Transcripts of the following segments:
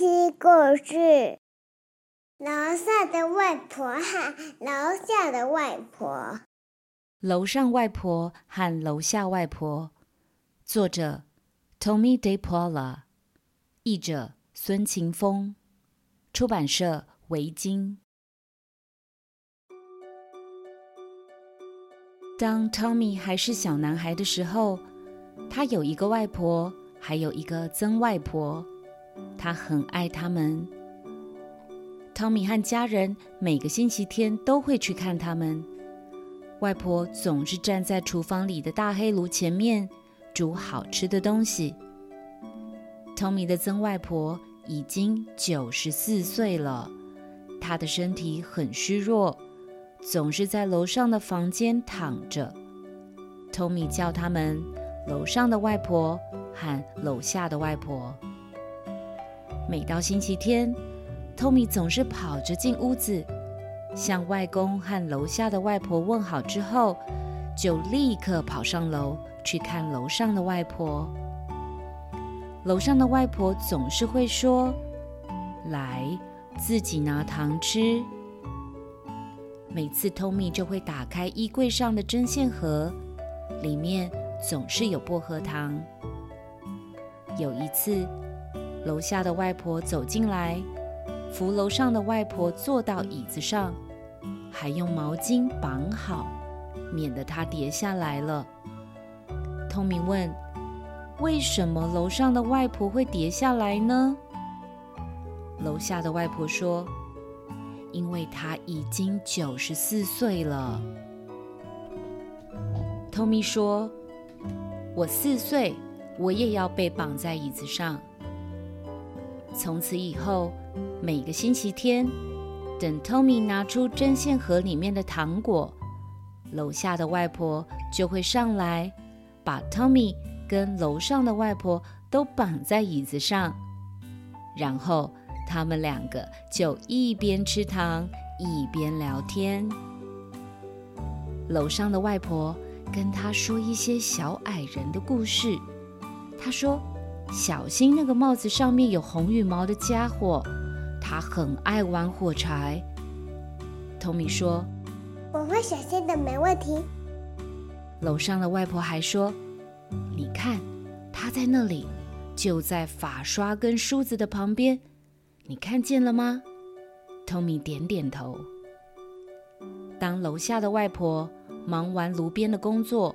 聽故事，《樓上的外婆和樓下的外婆》。樓上外婆和樓下外婆，作者：湯米．狄波拉，譯者：孫晴峰，出版社：維京。當 Tommy 還是小男孩的時候，他有一個外婆，還有一個曾外婆。他很愛他們。湯米和家人每個星期天都會去看他們。外婆總是站在廚房裡的大黑爐前面，煮好吃的東西。湯米的曾外婆已經九十四歲了，她的身體很虛弱，總是在樓上的房間躺着。湯米叫他們樓上的外婆和樓下的外婆。每到星期天，Tommy 總是跑着進屋子，向外公和樓下的外婆問好之後，就立刻跑上樓去看樓上的外婆。樓上的外婆總是會說：“來，自己拿糖吃。”每次 Tommy 就會打開衣櫃上的針線盒，裡面總是有薄荷糖。有一次。樓下的外婆走進來，扶樓上的外婆坐到椅子上，還用毛巾綁好，免得她跌下來了。湯米問：“為什麼樓上的外婆會跌下來呢？”樓下的外婆說：“因為她已經九十四歲了。”湯米說：“我四歲，我也要被綁在椅子上。”從此以後，每個星期天，等 Tommy 拿出針線盒裡面的糖果，樓下的外婆就會上來，把 Tommy 跟樓上的外婆都綁在椅子上，然後他們兩個就一邊吃糖一邊聊天。樓上的外婆跟他說一些小矮人的故事，她說。小心那個帽子上面有紅羽毛的家伙，他很愛玩火柴。托米說：“我會小心的，沒問題。”樓上的外婆還說：“你看，他在那裡，就在髮刷跟梳子的旁邊，你看見了嗎？”托米點點頭。當樓下的外婆忙完爐邊的工作，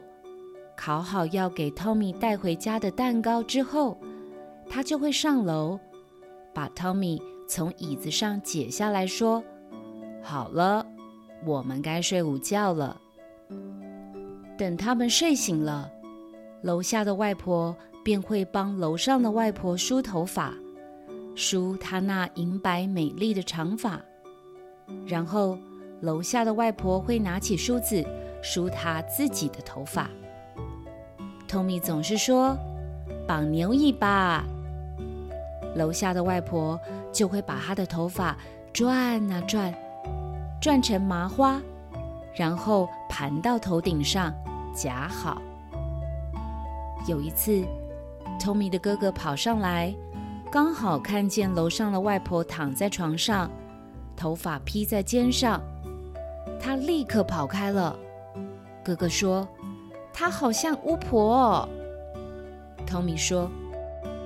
烤好要給湯米帶回家的蛋糕之後，他就會上樓，把湯米從椅子上解下來，說：“好了，我們該睡午覺了。”等他們睡醒了，樓下的外婆便會幫樓上的外婆梳頭髮，梳她那銀白美麗的長髮，然後樓下的外婆會拿起梳子梳她自己的頭髮。湯米總是說：“綁牛尾巴。”樓下的外婆就會把她的頭髮轉啊轉，轉成麻花，然後盤到頭頂上，夾好。有一次，湯米的哥哥跑上來，剛好看見樓上的外婆躺在床上，頭髮披在肩上，他立刻跑開了。哥哥說。她好像巫婆哦。湯米說：“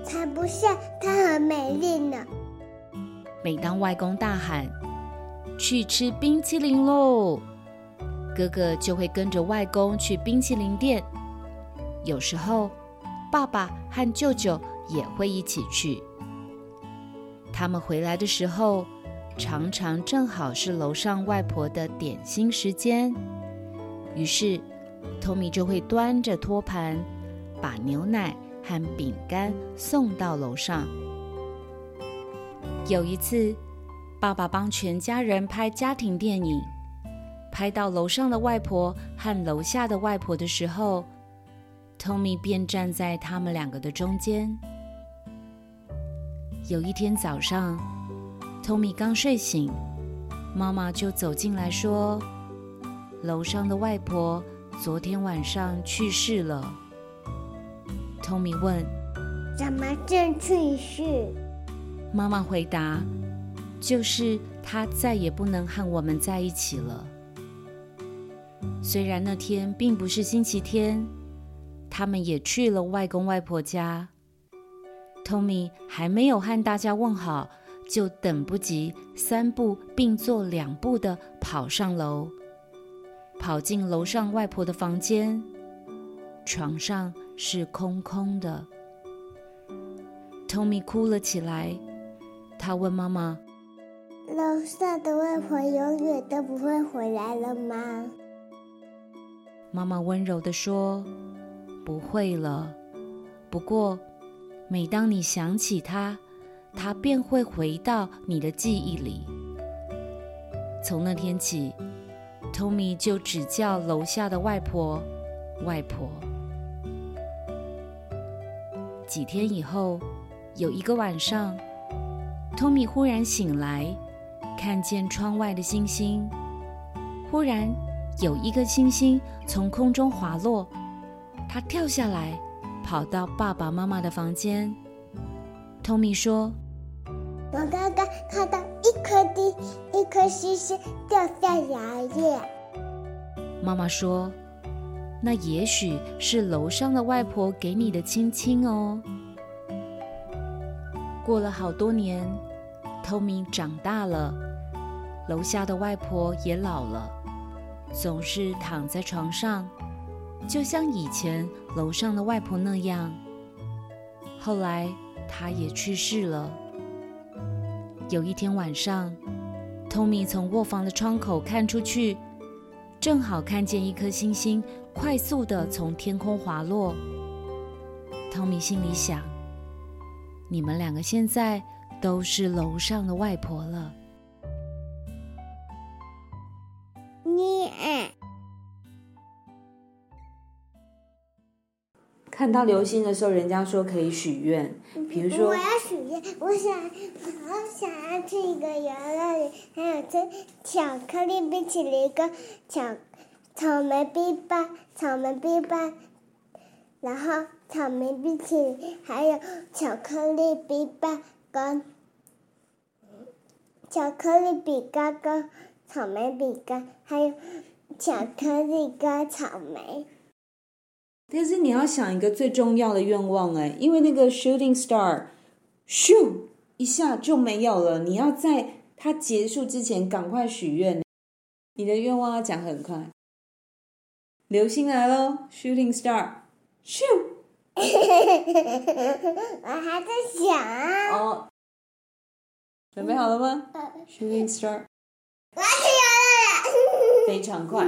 才不像，她很美麗呢。”每當外公大喊“去吃冰淇淋嘍”，哥哥就會跟着外公去冰淇淋店。有時候，爸爸和舅舅也會一起去。他們回來的時候，常常正好是樓上外婆的點心時間，於是，湯米就會端着托盤，把牛奶和餅乾送到樓上。有一次，爸爸幫全家人拍家庭電影，拍到樓上的外婆和樓下的外婆的時候，湯米便站在他們兩個的中間。有一天早上，湯米剛睡醒，媽媽就走進來說：“樓上的外婆。”昨天晚上去世了。Tommy 問：“怎麼正去世？”媽媽回答：“就是他再也不能和我們在一起了。”雖然那天並不是星期天，他們也去了外公外婆家。Tommy 還沒有和大家問好，就等不及，三步併作兩步的跑上樓。跑進樓上外婆的房間，床上是空空的。Tommy 哭了起來，他問媽媽：“樓上的外婆永遠都不會回來了嗎？”媽媽溫柔地說：“不會了，不過每當你想起她，她便會回到你的記憶裡。”從那天起。托米就只叫樓下的外婆，外婆。幾天以後，有一個晚上，托米忽然醒來，看見窗外的星星。忽然有一個星星從空中滑落，他跳下來，跑到爸爸媽媽的房間。托米說：“我剛剛看到。”一顆一，顆星星掉下牙曳。Yeah. 媽媽說：“那也許是樓上的外婆給你的親親哦。”過了好多年，Tommy 長大了，樓下的外婆也老了，總是躺在床上，就像以前樓上的外婆那樣。後來，她也去世了。有一天晚上，湯米從臥房的窗口看出去，正好看見一顆星星快速的從天空滑落。湯米心裡想：“你們兩個現在都是樓上的外婆了。你”看到流星的時候，人家說可以許願，比如說我要許願，我想我想要吃一個遊樂還有吃巧克力冰淇淋，跟巧草莓冰棒，草莓冰棒，然後草莓冰淇淋，還有巧克力冰棒跟、巧克力餅乾跟，比跟草莓餅乾，還有巧克力跟草莓。但是你要想一個最重要的願望，哎、欸，因為那個 shooting star，咻一下就沒有了。你要在它結束之前趕快許願、欸，你的願望要講很快。流星來咯，shooting star，咻！ 我還在想哦、啊，oh, 準備好了嗎、嗯呃、？shooting star，我要吃了。 非常快。